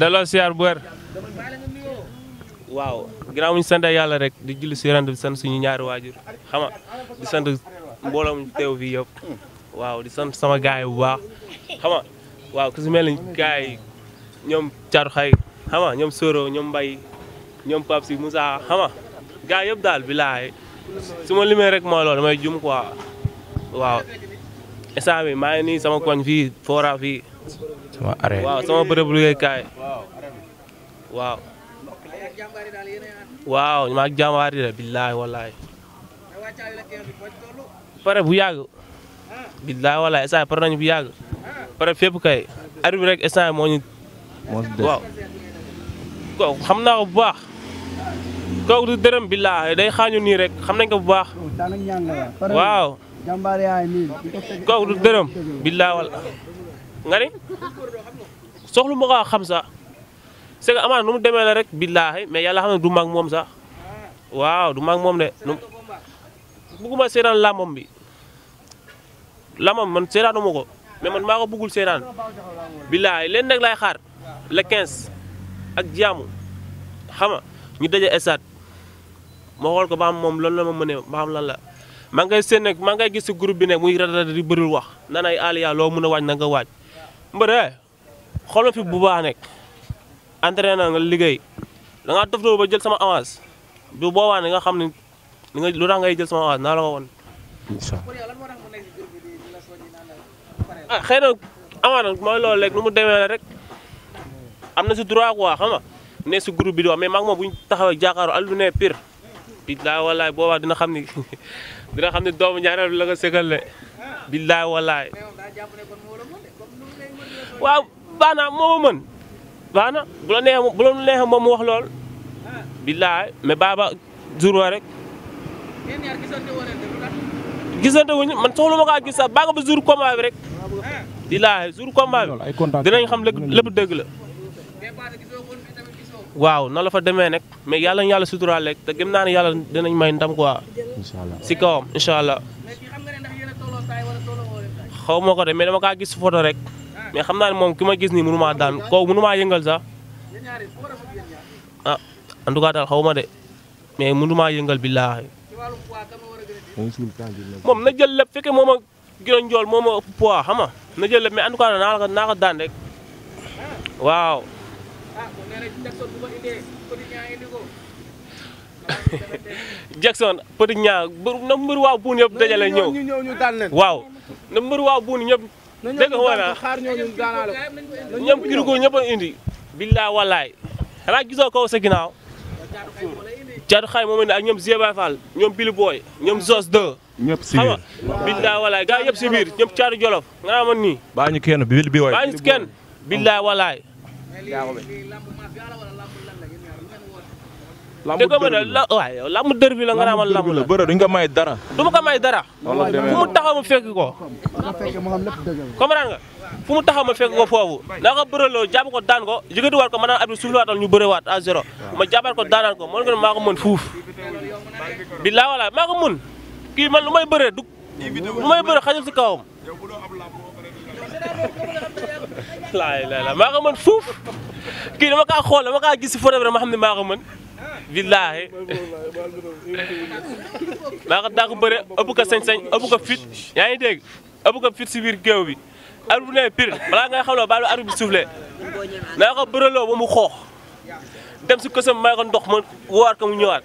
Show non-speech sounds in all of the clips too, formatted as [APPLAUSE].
delloo siyaar bu wér waaw ginnaaw ñu sant yàlla rek di julli si rand bi sant suñu ñaari waajur xama di sant mbooloo mu teew fii yëpp waaw di sant sama gaay bu baax xama waaw ku si mel ni gaay yi ñoom caru xay xama ñoom soro ñoom mbay ñoom pap si Moussa xama gaay yëpp daal bilaay su ma limee rek mooy loolu damay jum quoi waaw instant bi maa sama koñ fii foora fii sama arène waaw sama bërëbu liggéeykaay waaw waaw maa ngi jàmbaar yi la pare bu yàgg billaay wallaay instant pare nañu bu yàgg pare fépp kay ar bi rek instant moo ñu waaw ko xam naa bu baax kooku du dërëm billaay day xaañu nii rek xam nañ ko bu baax waaw kooku du dërëm billaay wallaay nga ni soxlu ma ko xam sax c'est que nu mu demee la rek billaahi mais yàlla xam ne du mag moom sax waaw du mag moom de bugguma seetaan làmbam bi làmbam man seetaanu ma ko mais man maa ko buggul seetaan billaahi leen nag laay xaar le 15 ak jaamu xama ñu daje estade ma xool ko ba xam moom loolu la ma mënee ba xam lan la maa ngay seen nag maa ngay gis si groupe bi ne muy rada di bëril wax nan ay Alioune loo mën a waaj na nga waaj. mbëre xoolal fi bu baax nekk entraîné na nga liggéey da ngaa toftoo ba jël sama avance bu boobaa ne nga xam ne ni nga lu tax ngay jël sama avance naa la ko woon. incha allah ah xëy na nu mu demee rek am na si droit quoi xam nga ne si groupe bi di wax mais maag moom bu ñu taxawee ne pire. billaay wallaay boobaa dina xam ni [LAUGHS] dina xam ni doomu ñaareel la nga sëgal le billaay wallaay. waaw baax moo ma mën baax na bu mu wax lool billaay mais baaba jour wa rek gisante wuñu man soxla ma kaa gis sax baaga ba jur combat bi rek billaay jour combat bi dinañ xam lépp dëgg waaw na la fa demee nag mais yàlla yàlla suturaal rek te gëm naa ne yàlla dinañ may ndam quoi si kawam incha allah xaw moo ko de mais dama kaa gis photo rek mais xam naa ne moom ki ma gis ni mënu maa daan kaw mënu maa yëngal sax ah en tout cas daal xaw ma de mais mënu maa yëngal billaahi moom na jël lépp fekkee moom ak gën njool moom a ëpp poids xam nga na jël lépp naa ko daan rek waaw. Jackson Petit Niang na waaw buun yëpp dajale ñëw waaw na waaw buun yëpp. dégg nga voilà ñoom kirikou ñëpp a indi billaa wallaay xanaa gisoo kaw sa ginnaaw caatu xaay moom indi ak ñoom Zéba Fall ñoom Billy Boy ñoom Zos 2 ñëpp si biir wallaay gaa ñëpp si biir ñoom caatu jolof nga naa man nii baa ñu wallaay dëgg ba de la waaye yow lamb dër bi la nga la bëre duñ ko may dara. du ma ko may dara. fu mu taxaw ma fekk ko. comprendre nga fu taxaw ma fekk ko foofu naa ko bëreloo jàpp ko daan ko yëkkatiwaat ko ma naan at bi suufliwaatal ñu bërewaat à zéro ma jàppaat ko daanaan ko mën nga ne maa ko mën fuuf. billaa wala maa ko mën kii man lu may du lu may bëree xajul si kawam. laay laay la maa ko mën fuuf kii dama kaa xool dama kaa gis si photo bi ma xam ne maa ko mën billaahi daa ko daa ko bëre ëpp ko sañ-sañ ëpp fit yaa ngi dégg ëpp ko fit si biir géew bi ar bu ne pir balaa ngay xam ne baal bi ar bi suufle naa ko bëreloo ba mu xoox dem si kësam may ko ndox ma woor ko mu ñëwaat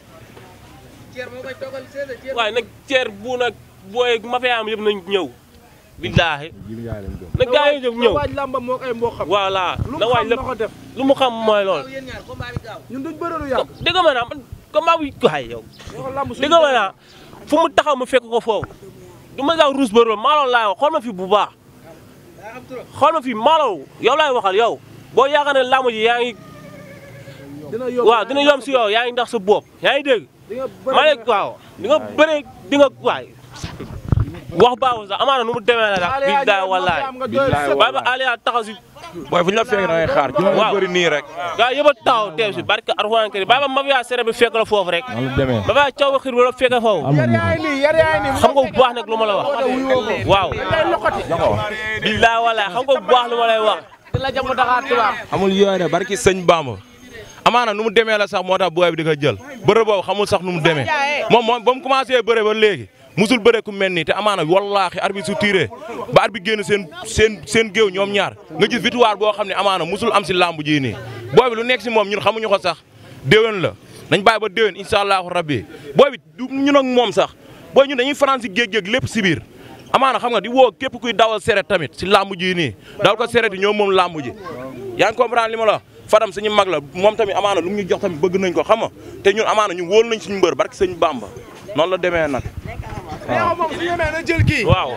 waaye nag ceer bu nag booy ma yëpp nañ ñëw billaahi. na gaa yi jóg ñëw waaj làmbam moo ay mboo xam. voilà na waaj lépp lu mu xam mooy loolu. ñun duñ bëre lu yàgg. dëgg ma naa combat bi waay yow. dëgg ma naa fu mu taxaw ma fekk ko foofu. du ma gaaw ruus bëre maa laay wax xool ma fi bu baax. xool ma fi maa loolu yow laay waxal yow boo yaakaar ne làmb ji yaa ngi. dina yomb waaw dina yomb si yow yaa ngi ndax sa bopp yaa ngi dégg. di nga bëre waaw di wax baaxul sax amaana nu mu demee la sax. billaay wallaay waaye la fekk da ngay xaar. waaw jërëjëf bëri nii rek. gaa yëpp a taxaw teew si barke Alxuraan kër yi baax na Mafia bi fekk la foofu rek. noonu la demee ba baax Thiaw Xir bi la fekk foofu. xam nga bu baax nag lu ma la wax. waaw. billaay wallaay xam nga bu baax lu ma lay wax. amul yooyu de barki sëñ Bamba. amaana nu mu demee la sax moo tax booy bi di ko jël bërëb boobu xamul sax nu mu demee moom moom ba mu commencé bëre ba léegi musul bëre ku mel nii te amaana wallaahi arbitre su tiré ba arbitre génn seen seen seen géew ñoom ñaar nga gis victoire boo xam ne amaana musul am si làmb ji nii booy bi lu nekk si moom ñun xamuñu ko sax déwén la nañ bàyyi ba déwén incha allahu rabbi booy bi du ñu ak moom sax booy ñun dañuy faral si géej-géeg lépp si biir amaana xam nga di woo képp kuy dawal seret tamit si làmb ji nii dawal ko seret yi ñoom moom làmb ji yaa ngi comprendre li ma la Fadam suñu mag la moom tamit amaana lu mu jox tamit bëgg nañ ko xam nga te ñun amaana ñu wóolu nañ suñu mbër barki sëñ Bamba noonu la demee nag Ah. waaw moom su ñemee na gi. laa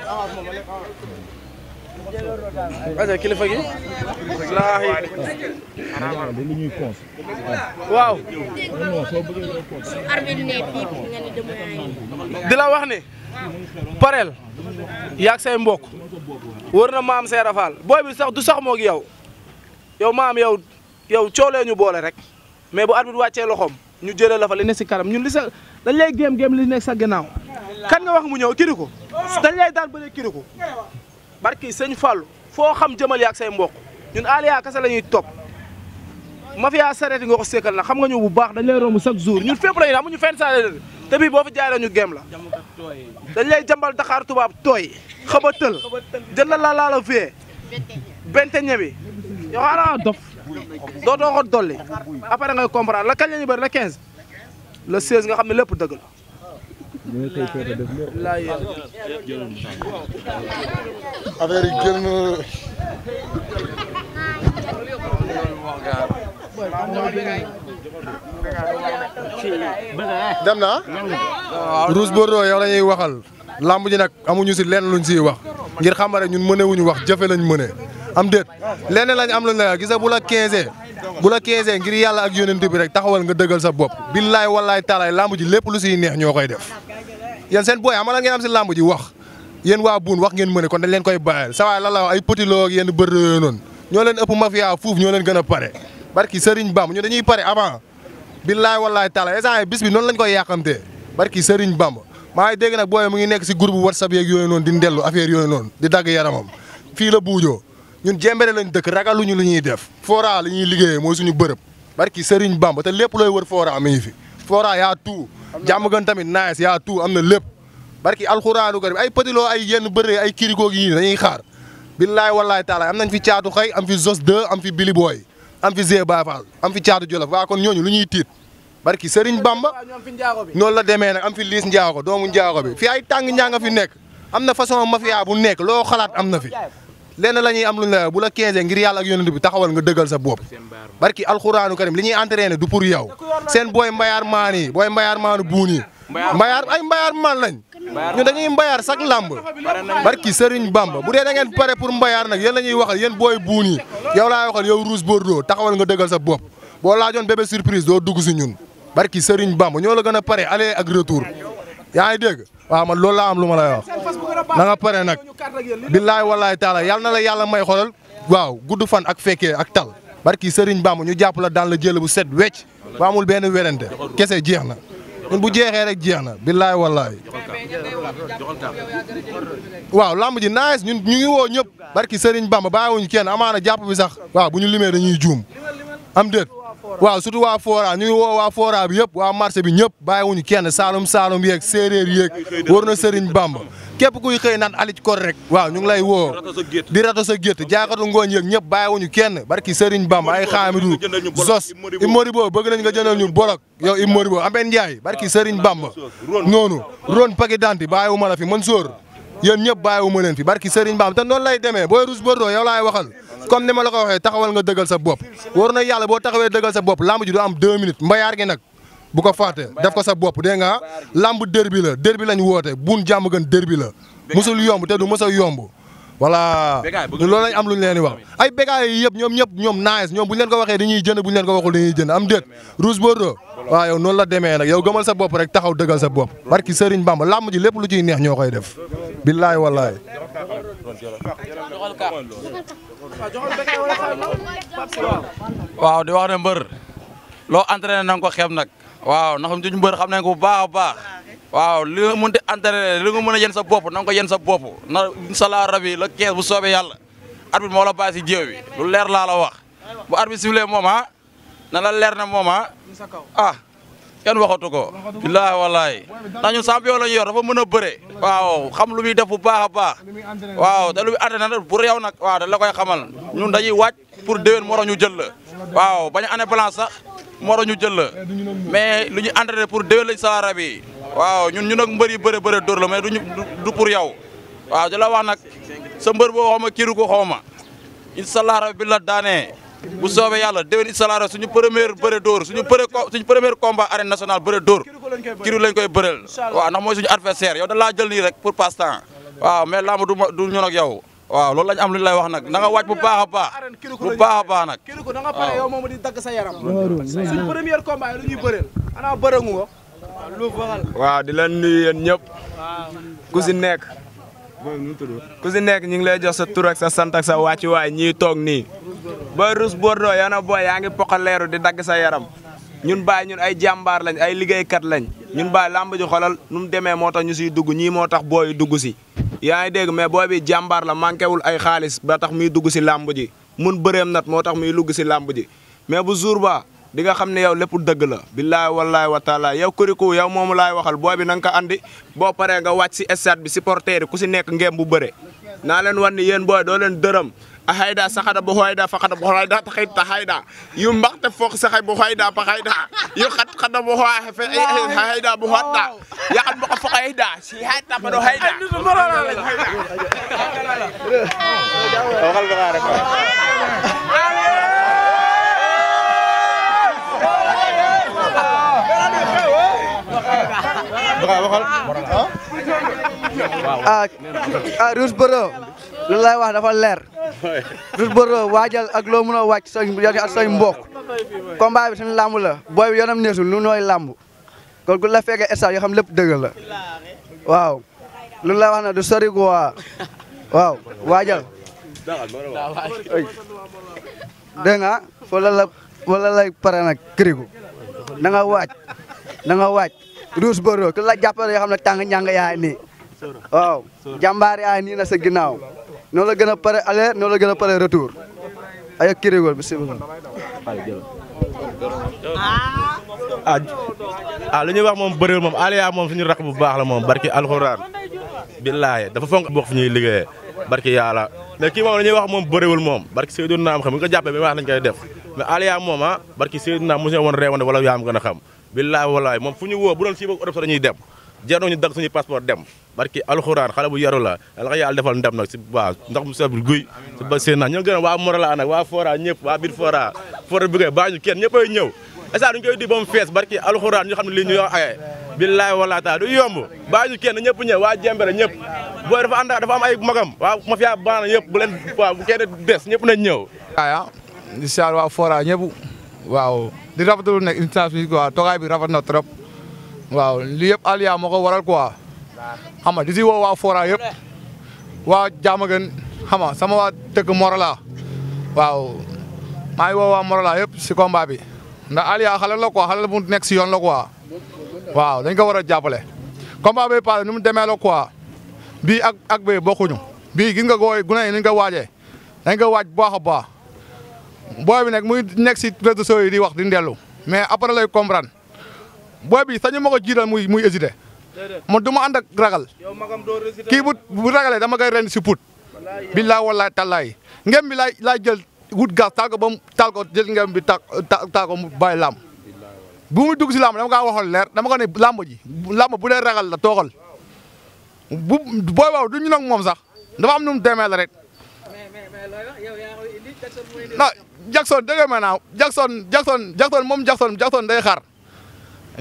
di la wax ne. pareel. yaag say mbokk. wër na maam Seera Fall booy bi sax du sax moog yow. yow maam yow yow coolee ñu boole rek. mais bu arbitre wàccee loxoom ñu jëlee la fa li ne si kanam ñun li sa dañ lay gém gém li nekk sa gannaaw. kan nga wax mu ñëw kiriku dañ lay daan bëre kiriku barki sëñ Fallou foo xam jëmal yaak say mbokk ñun Aliya kese la ñuy topp mafia sareet nga ko sekkal na xam nga ñëw bu baax dañ lay romb chaque jour ñun fépp lañu amuñu fenn saa te bii boo fi jaaree ñu gem la dañ lay jambal Dakar tubaab tooy xaba tël jël la la laala fee bente ñebi yoo xanaa dof doo doo ko dolli après ngay comprendre la kañ la ñu bëri la 15 le 16 nga xam ne lépp dëgg ñu ngi koy teel a def lépp. dem na Rouge Bordeaux yow la ñuy waxal. làmb ji nag amuñu si lenn luñ siy wax ngir xam rek ñun ñu wax jëfe lañ mëne am déet lenn lañ am luñ la gis bu la 15 bu la keesee ngir yàlla ak yonent bi rek taxawal nga dëggal sa bopp billaay wallaay taalaay lamb ji lépp lu siy neex ñoo koy def yéen seen booy xama lan ngeen am si lamb ji wax yéen waa buun wax ngeen mëne kon dañ leen koy bàyyil sa waay la la wax ay petit loo ak yéen bër yooyu noonu ñoo leen ëpp mafia fuuf ñoo leen gën a pare barki Serigne Bamb ñu dañuy pare avant billaay wallaay taalaay instant bis bi noonu lañ koy yàqamtee barki Serigne Bamb maa ngi dégg nag ngi nekk si groupe WhatsApp yeeg yooyu noonu di ndellu affaire yooyu noonu di dagg yaramam fii la buujoo ñun jembere lañ dëkk ragaluñu lu ñuy def fora li ñuy liggéeyee mooy suñu bërëb barki Serigne Bamba te lépp looy wër fora mi ngi fi fora yaa tout jàmm gën tamit nice yaa tout am na lépp barki alxuraanu karim ay pëtiloo ay yenn bëree ay kirikoo yi dañuy xaar billaay wallaay taalaay am nañ fi caatu xay am fi zos 2 am fi Billy Boy am fi Zé Bafal am fi caatu jolof waa kon ñooñu lu ñuy tiit barki Serigne Bamba noonu la demee nag am fi liis njaago doomu bi fi ay tàng ñaa nga nekk am na façon mafia bu nekk loo xalaat am na fi lenn la ñuy am lu ñu la bu la 15 ngir yàlla ak yonent bi taxawal nga dëggal sa bopp barki alxuraanu karim li ñuy entraîné du pour yow seen booy mbayaar maan yi booy mbayaar maanu buun mbayaar ay mbayaar maan lañ ñu dañuy mbayaar sax làmb barki Serigne Bamba bu dee da ngeen pare pour mbayaar nag yéen la ñuy waxal yéen booy buun yi yow laa waxal yow Rouge Bordeaux taxawal nga dëggal sa bopp boo laajoon bébé surprise doo dug si ñun barki Serigne Bamba ñoo la gën a pare aller ak retour loolu laa am lu ma lay wax na nga pare nag billaay wallaay taala yal na la yàlla may xolal waaw gudd fan ak fekkee ak tal barki sëriñ Bamba ñu jàpp la daan la jël bu set wecc ba amul benn werente kese jeex na ñun bu jeexee rek jeex na billaay wallaay waaw lamb ji nice ñun ñu ngi woo ñëpp sëriñ Serigne Bamba bàyyiwuñu keen amaana jàpp bi sax waaw bu ñu limee dañuy juum am déet waaw surtout waa Fora ñu ngi woo waa Fora bi yëpp waa marché bi ñëpp bàyyiwuñu kenn Saalum Saalum yeeg séeréer yeeg wóor na Serigne Bamba képp kuy xëy naan Aliou Kor rek waaw ñu ngi lay woo di rato sa jaakatu ngooñ yeeg ñëpp bàyyiwuñu kenn barki Serigne Bamba ay xaamidu zos Imodibo bëgg nañ nga jëndal ñu bolok yow Imodibo Amène Ndiaye barki Serigne Bamba noonu ron paki danti bàyyiwuma la fi man sóor yéen ñëpp bàyyiwuma leen fi barki Serigne Bamba te lay demee booy Rouge Bordeaux yow laay comme ni ma la ko waxee taxawal nga dëggal sa bopp war yàlla boo taxawee dëggal sa bopp lamb ji du am deux minutes mbayaar gi nag bu ko fàtte def ko sa bopp dégg nga lamb la derby lañ woote buun jàmm gën derby la musul yomb te du mës a yomb voilà loolu lañ am lu ñu leen wax ay bégaay yi yëpp ñoom ñëpp ñoom naes ñoom bu ñu leen ko waxee di dañuy jënd bu ñu leen ko waxul dañuy jënd am déet Rouge Bordeaux waaw yow noonu la demee nag yow gëmal sa bopp rek taxaw dëggal sa bopp barki Serigne Bamba làmb ji lépp lu ciy neex ñoo koy def billaay wallaay waaw di wax ne mbër loo entraîné na ko xeeb nag waaw ndax duñ mbër xam nañ ko bu baax a baax waaw li nga mënti entraîné li nga mën a yen sa bopp na nga ko yen sa bopp na incha allah rabi la 15 bu soobee yàlla arbitre moo la bàyyi si jéew bi lu leer laa la wax bu arbitre sifflé moom ah na la leer na moom ah ah kenn waxatu ko billaahi wallaahi ndax ñun champion la ñu yor dafa mën a bëre waaw xam lu muy def bu baax a baax waaw te lu muy àtte na pour yow nag waaw da la koy xamal ñun dañuy wàcc pour déwén moro ñu jël la waaw bañ année blanche sax moro ñu jël la mais lu ñu entraîné pour déwén lañ saara bi waaw ñun ñu nag mbër yi bëre bëre dóor la mais duñu du pour yow waaw di la wax nag sa mbër boo kiiru ko xaw ma incha allah bu soobee yàlla déwén incha allah suñu première bëre dóor suñu bëre suñu première combat arène nationale bëre dóor kiriw lañ koy bëreel waaw ndax mooy suñu adversaire yow da laa nii rek pour passe temps waaw mais lamb du du ñun ak waaw loolu lañ am lu ñu lay wax nag na nga waaj bu baax a baax bu baax a baax nag kiriku da nga pare yow moom di dagg sa waaw di leen nuyu yéen ñëpp ku si nekk ku si nekk ñu ngi lay jox sa tur ak sa sant ak sa wàccuwaay ñii toog nii booy Rouge Bordeaux yow na booy yaa ngi poqaleeru di dagg sa yaram ñun baay ñun ay jàmbaar lañ ay liggéeykat lañ ñun baay làmb ji xolal nu mu demee moo tax ñu siy dugg ñii moo tax booy dugg si yaa ngi dégg mais booy bi jàmbaar la manqué wul ay xaalis ba tax muy dugg si làmb ji mun bëreem nat moo tax muy lugg si làmb ji bu jour ba di nga xam ne yow lépp dëgg la billaahi wallaahi wa taala yow Kurikou yow moomu laay waxal boo bi na ko andi boo paree nga wàcc si stade bi supporter yi ku si nekk ngeen bu bëre naa leen wan ni yéen booy doo leen dërëm a hayda saxada bo hayda faxada bo hayda taxay ta hayda yu mbaxte foog saxay bo hayda pa hayda yu xat xada bo hayda fe hayda bo hatta ya xat boko fo hayda si hayda pa do hayda ah ah Rouge lu lay wax dafa leer Rouge Bordeaux waajal ak loo mën a wàcc sa ak say mbokk combat bi suñu làmb la booy bi yoonam neesul lu nooy làmb kon ku la fekkee instant yoo xam lépp dëgg la waaw lu lay wax na du sori quoi waaw waajal dégg nga la wala lay pare nag kirigu na nga waaj na nga waaj Rouge Bordeaux ku la jàppale yoo xam ne tàng njàng yaay nii waaw jàmbaar yaa nii na sa ginnaaw noo la gën a pare aller noo la gën a pare retour ay ak kirigol bisimilah ah ah lu ñuy wax moom bëriwul moom Aliou moom suñu rakk bu baax la moom barki alxuraan billaahi dafa fonk bokk fu ñuy liggéeyee barki yàlla mais kii moom la ñuy wax moom bëriwul moom barki Seydina am xam nga ko jàppee bi wax lañ koy def mais Aliou moom ah barki Seydina am mos a billaahi walaay moom fu ñu woo bu doon si boog Europe sax dañuy jaroo ñu dagg suñu passeport dem barki alxuraan xale bu yaru la la yàlla defal ndam nag si waaw ndox mu sabul guy si ba seen na ñoo gën a waa Morala nag waa Fora ñëpp waa biir Fora Fora ba mu fees barki alxuraan ñu xam ne lii ñu yow aye billaay wala taa ñëpp ñëw waa jembere ñëpp booy dafa waa aya ah, di saar waa Fora ñëpp waaw di rafetlu nekk instance bi trop waaw li yëpp Aliou moo ko waral quoi xam nga di si woo waa Fora yëpp waa Diamaguène xam nga sama waa dëkk Morola waaw maa ngi waa Morola yëpp si combat bi ndax Aliou xale la quoi xale la mu nekk si yoon la quoi waaw dañ ko war a jàppale. combat bi mu demee la quoi bii ak ak bee bokuñu bii gis nga gooy gune yi ni ñu ko waajee dañ ko waaj baax a baax booy bi nag muy nekk si di wax di ndellu mais après lay comprendre. booy bi sañu ma ko jiital muy muy hésité man du ma ànd ragal kii bu bu ragalee dama koy ren si put billaay wallaay tallaay ngem bi laay laay jël wut gas taal ko ba mu taal ko jël ngem bi ta taal ko mu bàyyi làmb bu muy si làmb dama kaa waxoon leer dama ko ne lamba ji làmb bu dee ragal la toogal bu booy boobu du ñu nag moom sax dafa am nu mu demee la rek non Jackson dégg nga maanaam Jackson Jackson Jackson moom Jackson Jackson day xaar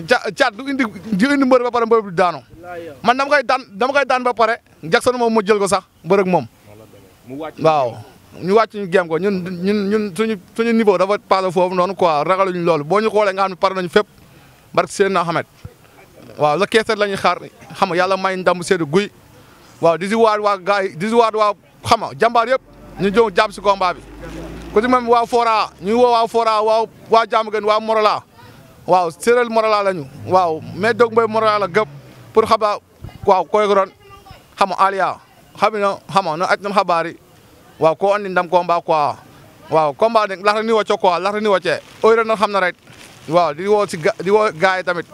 ja caat indi du indi mbër ba pare mbër bi daanu man dama koy daan dama koy daan ba pare Jackson moom ma jël ko sax mbër ak moom waaw ñu wàcc ñu gem ko ñun ñun ñun suñu suñu niveau dafa passé foofu noonu quoi ragaluñu loolu boo ñu xoolee nga xam pare nañu fépp barke seen na xamet waaw la keeseet la ñuy xaar xam nga yàlla may ndam seedu guy waaw di si waa gars yi waa xam nga jàmbaar yëpp ñu jëm jàpp si combat bi ku si même waa Fora ñu woo waa Fora waa waa Diamaguène waa laa waaw séeréer morala ñu waaw mais dog mboy morala gëp pour xaba waaw koy ron xama aliya xamino xama no acnam xabari waaw ko andi ndam combat quoi waaw combat de laxta ni wacco quoi laxta ni wacce oyre no xam na rek waaw di woo si di woo gars yi tamit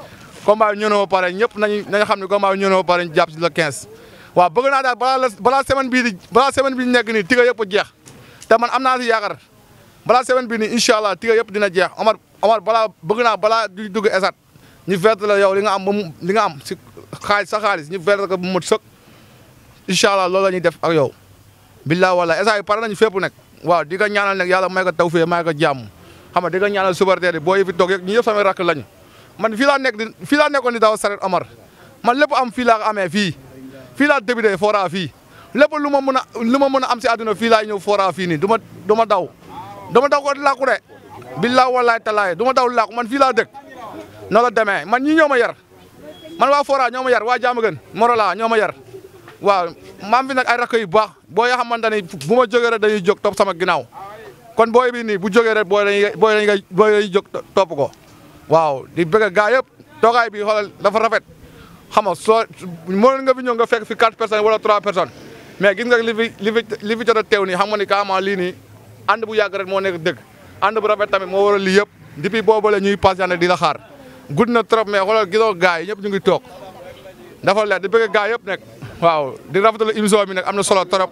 combat bi ñëw pare ñëpp nañu nañu xam ne combat bi ñëw pare ñu jàpp si le 15. waaw bëgg naa daal balaa balaa semaine bii di balaa semaine bii nekk nii tiga yëpp jeex te man am naa si yaakaar balaa semaine bii ni incha allah tiga yëpp dina jeex Omar. Omar balaa bëgg naa balaa duñ dugg esat ñu verte la yow li nga am ba mu li nga am si xaalis sa xaalis ñu verte ko bu mot sëkk incha allah loolu la ñuy def ak yow. billaa wala esat yi pare nañu fépp nag waaw di ko ñaanal nag yàlla may taw tawfeex may ko jàmm xam nga di ko ñaanal supporter yi boo yi fi toog yëpp ñu yëpp samay rakk lañu. man fii laa nekk di fii laa nekkoon di daaw saret Omar man lépp am fii laa ko amee fii fii laa débuté fora fii lépp lu ma mën a lu ma mën a am si àdduna fii laa ñëw fora fii nii du dama daw billaa wallaay talaay du ma daw làqu man fii laa dëkk noo la demee man ñi ñoo ma yar man waa Fora ñoo ma yar waa Diamaguène Morola ñoo ma yar waaw maam fi nag ay rakk yu baax boo yoo xamante ne bu ma jógee rek dañuy jóg topp sama ginnaaw kon boo bi nii bu jógee rek booy dañuy booy dañuy boo dañuy jóg topp ko waaw di bëgg gaa yëpp toogaay bi xoolal dafa rafet xam nga soo mënoon nga fi ñëw nga fekk fi quatre personnes wala trois personnes mais gis nga li fi li fi li fi jot a teew nii xam nga ni carrément lii nii ànd bu yàgg rek moo nekk dëgg ànd bu rafet tamit moo waral lii yëpp depuis boobu la ñuy patienté di la xaar gud na trop mais xoolal gisoo gars yi ñëpp ñu ngi toog dafa leer di bëgg gars yëpp nekk waaw di rafetlu émission bi nag am na solo trop.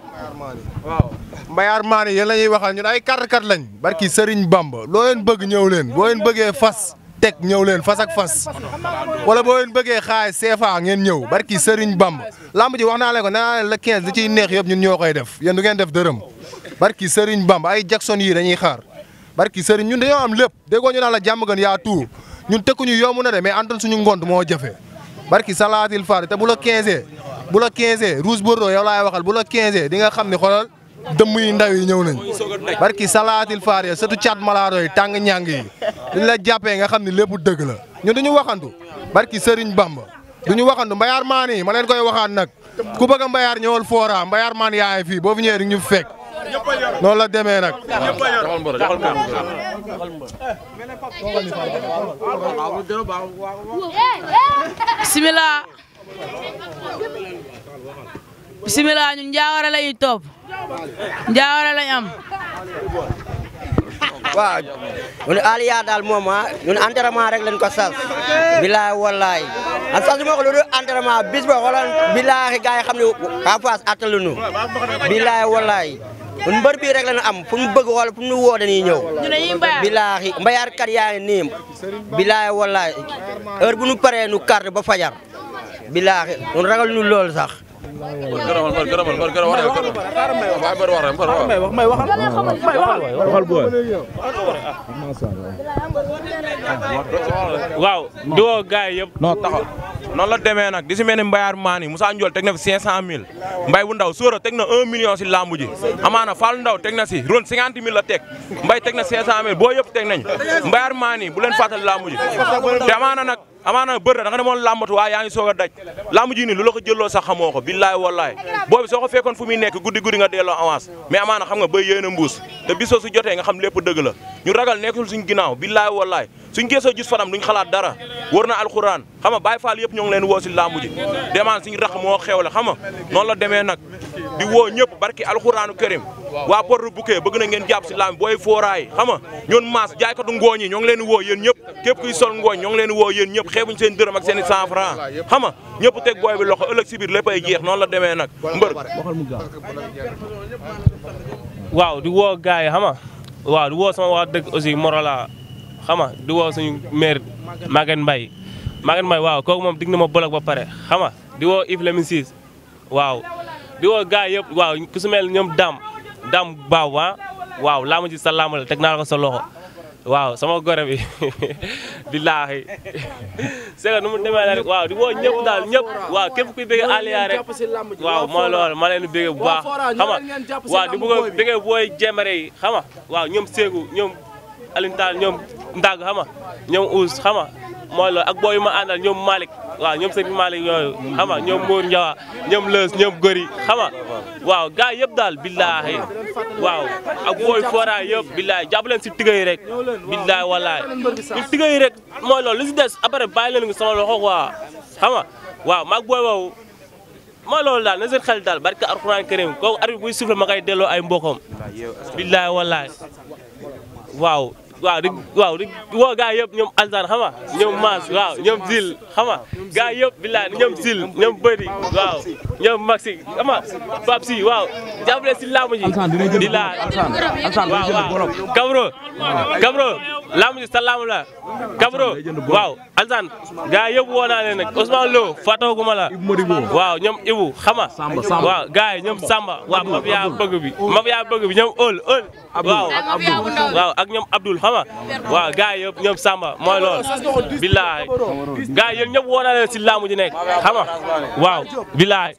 waaw Mbayar Mané yéen la ñuy waxal ñun ay kàr kàr lañ. barki Serigne Bamba loo leen bëgg ñëw leen boo leen bëggee fas. teg ñëw leen fas ak fas wala boo leen bëggee xaay CFA ngeen ñëw barki Serigne Bamba lamb ji wax naa le ko na naa leen la 15 li ciy neex yëpp ñun ñoo koy def yéen ngeen def dërëm barki Serigne Bamba ay Jackson yii dañuy xaar. barki sëriñ ñun dañoo am lépp déggoo ñu naan la jàmm gën yaa tuur ñun ñu yomb na de mais antoon suñu ngont moo jafe barki salaatil faar te bu la 15 bu la 15 rouge bordeaux yow laay waxal bu la 15 di nga xam ne xoolal dëmm yi ndaw yi ñëw nañ barki salaatil faar ya surtout cat malaado yi tàng ñàng yi dañ la jàppee nga xam ne lépp dëgg la ñun duñu waxantu barki sëriñ bamba duñu waxantu mbayaar maan yi ma leen koy waxaat nag ku bëgg a mbayaar ñëwal foora mbayaar maan yaay ñëwee ñu fekk noonu la demee nag. bisimilah. bisimilah ñun Ndiawara la ñuy topp Ndiawara lañ am. waaw ñun Aliya daal moom ah ñun entraînement rek lañ ko sas. bilaay wallaay ak sas moo ko lu dul entraînement bis ba xoolal bilaay gars yi xam ne Kaafaas attaluñu bilaay wallaay. ñun mbër bii rek la am fu mu bëgg wala fu mu woo dañuy ñëw. bilaahi mbayaarkat yaa ngi nii bilaahi wallaahi heure bu ñu paree nu carte ba fajar bilaahi ñun ragal ñu lool sax. gërëmal bër gërëmal bër gërëmal waaw di woo gaay yëpp noonu la demee nag di mbayaar maan yi Moussa teg na fi 500000 mbay bu ndaw Sora teg na 1 million si lambu amaana Fall ndaw teg na si ron 50000 la teg mbay teg na 500000 boo yëpp teg nañ mbayaar maan yi bu leen fàttali lambu amaana bër da nga demoon làmbatu waa yaa ngi a daj làmb ji ni lu la ko jëlloo sax xamoo ko billaay wallaay boobu soo ko fekkoon fu muy nekk guddi guddi nga delloo avance mais amaana xam nga bay yéen a mbuus te bisoo su jotee nga xam lépp dëgg la ñu ragal nekkul suñ ginnaaw billaay wallaay suñ geesoo gis fanam duñ xalaat dara wër na alxuraan xam nga Baay Faal yëpp ñoo ngi leen woo si làmb ji demaan suñ rax moo xew la xam nga noonu la demee nag di woo ñëpp barki alxuraanu karim waa porte bouquet bëgg na ngeen jàpp si laam booy fooraay xam nga ñoon maas jaaykatu ngooñ yi ñoo leen di woo yéen ñëpp képp kuy sol ngooñ ñoo leen di woo yéen ñëpp xeebuñ seen dërëm ak seen i cent franc xam nga ñëpp teg booy bi loxo ëllëg si biir lépp ay jeex noonu la demee nag mbër waaw di woo gars yi xam nga waaw di woo sama waa dëkk aussi Morola xam nga di woo suñu maire Maguette mbay Maguette Mbaye waaw kooku moom dig na ma bolok ba pare xam nga di woo Yves Lamine Cissé waaw di woo gars daam baaw ah waaw laa ma sa laama la teg naa ko sa loxo waaw sama gore bi di laaxi c'est que nu mu demee la waaw di woo ñëpp daal ñëpp waaw képp kuy bëgg Alioune waaw mooy loolu ma leen di bu baax xam nga waaw di bëgg a bëgg booy jéemare yi xam waaw ñoom Seegu ñoom Alioune Tall ñoom Ndag xam nga ñoom mooy loolu ak booy ma ñoom Malick waaw ñoom sëñ Malick yooyu xam ñoom Mour Ndiawa ñoom Leus ñoom Gori xam nga waaw gars yëpp daal billaahi waaw ak booy fora yëpp billaahi jàpp si tigga billaahi wallaahi si tigga mooy loolu li si des après bàyyi leen ngi sama loxo waaw xam nga waaw maag booy boobu daal na seen xel daal barke Alxuraan Karim kooku arbi buy sifle ma ay mbokam billaahi waaw waaw di waaw di woo gaa yëpp ñoom Alsaan xam nga ñoom Maas waaw ñoom Zil xam nga gaa yëpp billaay ñoom Zil ñoom Bëri waaw ñoom Maxi xam nga Pape Si waaw jàppale laamu ji di Kabro Kabro lamb ji sa lamb la kabro waaw alsan gaa yëpp woo naa leen nag Ousmane Lo fàttewuma la waaw ñoom Ibu xama waaw gaa yi Samba waaw mafia bëgg bi mafia bëgg bi ñoom ël ël waaw waaw ak ñoom Abdoul xama waaw gaa yëpp ñoom Samba mooy lool billaay gaa yéen ñëpp woo naa si lamb nekk xama waaw billaay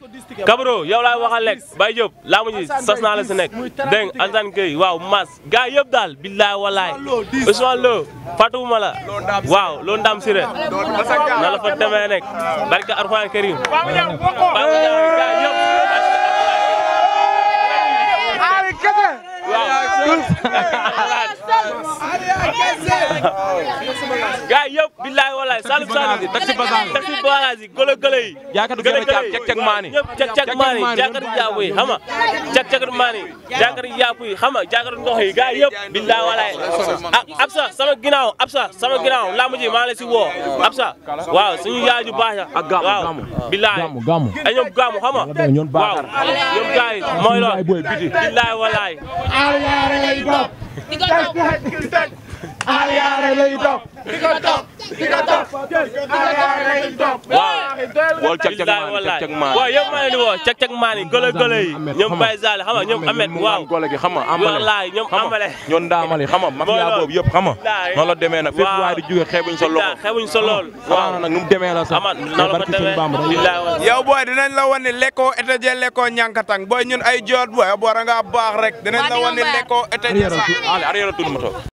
Kabro yow laay waxal lekk Baye Diop laa mu ji sas naa la si nekk dégg nga Alassane Gueye waaw Mass gars yëpp daal billaay walaay Ousmane Lo fàttuwuma la waaw loolu ndam siré na la fa demee nekk barka Alxuraan Karim gaay yëpp billaay walaay salib salib taxi basan taxi basan yi golo golo a caab jaakatu jaakatu yaapu jaakatu ndox yi gaay billaay walaay absa sama ginnaaw absa sama ginnaaw lamb ji si woo absa waaw suñu yaaju baax na billaay gaamu gaamu xama waaw ñoom gaay mooy billaay walaay Aliou Yare lay topp. di ko topp Aliou Yare lay topp. di ko topp di ko topp. waaw wol cag cag maani cag cag maani. waaw yow maa ngi woo cag cag maani golo golo yi ñoom Baye Zale xam nga ñoom Ameth waaw golo gi xam nga amale ñoom amale ñoom daamali xam nga mafia boobu yëpp xam nga noonu la demee nag fépp waaye di jóge xeebuñ sa loxo xeebuñ sa lool waaw nag nu mu demee la sax barki suñu bamba yow booy dinañ la wan ni lekkoo étage lekkoo ñànkatang booy ñun ay joot booy boora nga baax rek dinañ la wan ni lekkoo étage arrière tudd ma toog